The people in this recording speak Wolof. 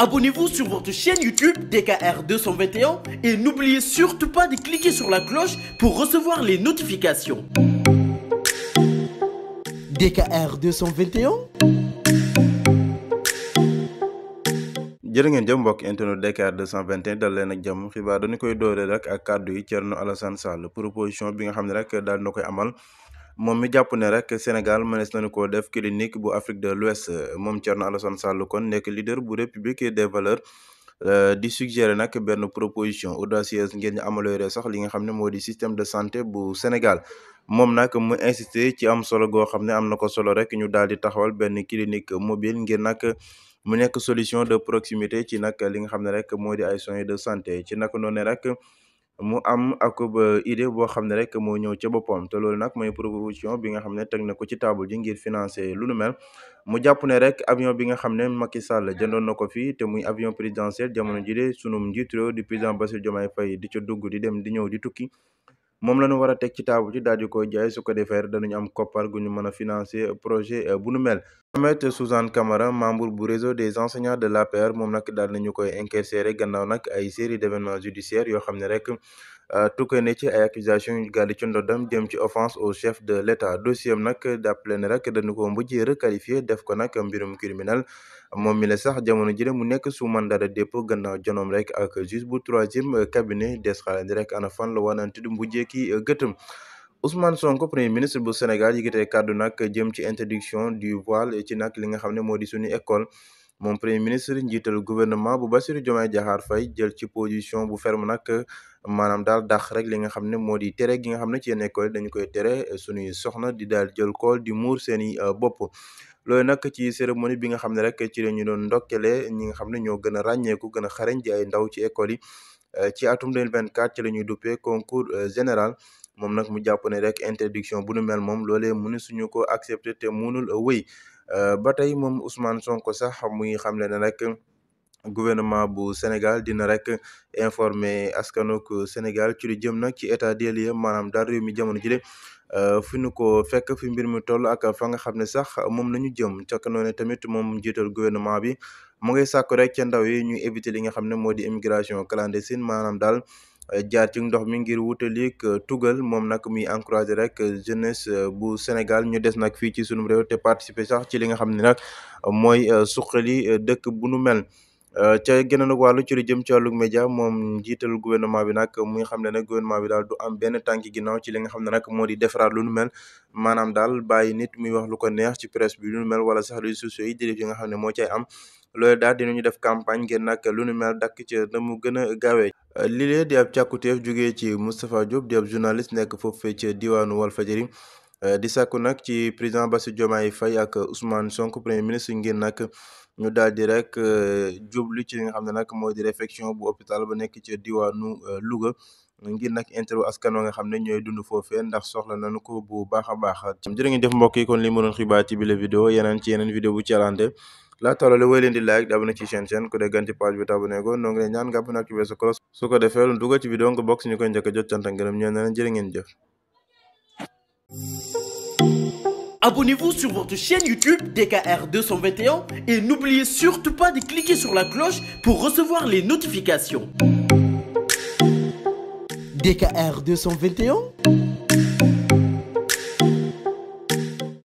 Abonnez-vous sur votre chaîne YouTube DKR 221 et n'oubliez surtout pas de cliquer sur la cloche pour recevoir les notifications. DKR 221. jërë ngeen jëm mbokk internet Dakar 221 dal leen ak jàmm xibaar dañu koy doore rek ak kàddu yi Thierno Alassane Sall proposition bi nga xam ne rek daal na koy amal. moom mi jàpp ne rek Sénégal mënees nañu ko def clinique bu Afrique de l'Ouest moom Thierno Alassane Sall kon nekk leader bu République des valeurs euh, di suggérer nag benn proposition audacieuse ngeen ñu améliorer sax li nga xam ne moo di système de santé bu Sénégal moom nag mu insisté ci am solo goo xam ne am na ko solo rek ñu daal di taxawal benn clinique mobile ngir nag mu nekk solution de proximité ci nag li nga xam ne rek moo di ay soins de santé ci nag noonu rek. mu am akub uh, idée boo xam ne rek moo ñëw ca boppam te loolu nag mooy proposition bi nga xam ne teg na ko ci table ji ngir financer lu nu mel mu jàpp ne rek avion bi nga xam ne maki Sall jëndoon na ko fii te muy avion présidentiel jamono ji de sunum njiit réew di président Bassirou Diomaye Faye di ca dugg di dem di ñëw di tukki moom la ñu war a teg ci taabu ci daal di koy jaay su ko am koppar gu ñu mën a financer projet euh, bu nu mel. Ahmed Souzane Camara membre bu réseau des enseignants de l'APR moom nag daal nañu koy incarcéré gannaaw nag ay série d'événements judiciaires yoo xam ne rek. Euh, tukkee ne ci ay accusations yu gàll ci ndodam jëm ci offense au chef de l' état dossier am nag dàppale ne rek dañu ko mbëjee requalifié def ko nag mbirum criminel moom mi la sax jamono jële mu nekk sous mandat de dépôt gannaaw jonoom rek ak juge bu troisième cabinet des xaalandi rek ana fan la wanante du mbujjee ki gëtëm Ousmane Sonko premier ministre bu Sénégal yëkkatee kàddu nag jëm ci interdiction du voile ci nag li nga xam ne moo di suñu école moom premier ministre njiital gouvernement bu Bassirou Diomaye Diakhar Faye jël ci position bu ferme nag maanaam daal dax rek li nga xam ne moo di tere gi nga xam ne ci yenn école dañu koy tere suñuy soxna di daal jël ko di muur seeni euh, bopp loolu nag ci cérémonie bi nga xam ne rek ci la ñu doon ndokkelee ñi nga xam ne ñoo gën a ràññeeku gën a xarañ di ay ndaw ci école yi euh, ci atum 2024 ci la ñuy duppee concours euh, général moom nag mu jàpp ne rek interdiction bu nu mel moom loolee mënu suñu ko accepter te mënul Euh, ba tey moom Ousmane Sonko sax muy xamle na nag. gouvernement bu Sénégal dina rek informer askanuk Sénégal ci lu jëm na ci état des lieux maanaam daal réew mi jamono jile euh, fi nu ko fekk fi mbir mu toll ak fa nga xam ne sax moom la ñu jëm ca noonu tamit moom jiital gouvernement bi mu ngay sàkku rek ca ndaw yi ñuy éviter li nga xam ne moo di immigration clandestine maanaam daal jaar ci ndox mi ngir wutalik euh, tugal moom nag muy encouragé rek jeunesse euh, bu Sénégal ñu des nag fii ci sunum réew te participer sax ci li nga xam ne nag mooy euh, suqali dëkk bu nu mel ca geneen ak wàllu ci lu jëm ci wàllu média moom njiital gouvernement bi nag muy xam ne nag gouvernement bi daal du am benn tànki ginnaaw li nga xam ne nag moo di defaraat lu nu mel maanaam daal bàyyi nit muy wax lu ko neex ci presse bi lu nu mel wala sax réseaux sociaux yi direct yi nga xam ne moo cay am lool daal dinañu def campagne ngeen nag lu nu mel dakk ci na mu gën a gaawee lile di ab càkkutéef jógee ci Moustapha Diop di ab journaliste nekk foofee ca diwaanu Walfajiri di sàkku nag ci président Bassirou Diomaye fay ak Ousmane Sonko premier ministre ngir nag ñu daal di rek euh, jublu ci li nga xam ne nag moo di refection bu hôpital ba nekk ca diwaanu euh, Louga ngir nag interview askan wa nga xam ne ñooy dund foofee ndax soxla nañu ko bu baax a baax. jërë ngeen def mbokk yi kon li mu doon xibaar ci bile vidéo yeneen ci yeneen vidéo bu ci alante laata loolu woy leen di like di abonné ci chaîne chaîne ku dee gan ci page bi te abonné ko noo ngi leen su ko defee lu dugal ci bi donc bokk ñu koy njëkk jot cant ak ngërëm ñoo ne leen jërë ngeen jëf vous sur votre chaîne YouTube DKR et n'oubliez surtout pas de cliquer sur la cloche pour recevoir les notifications DKR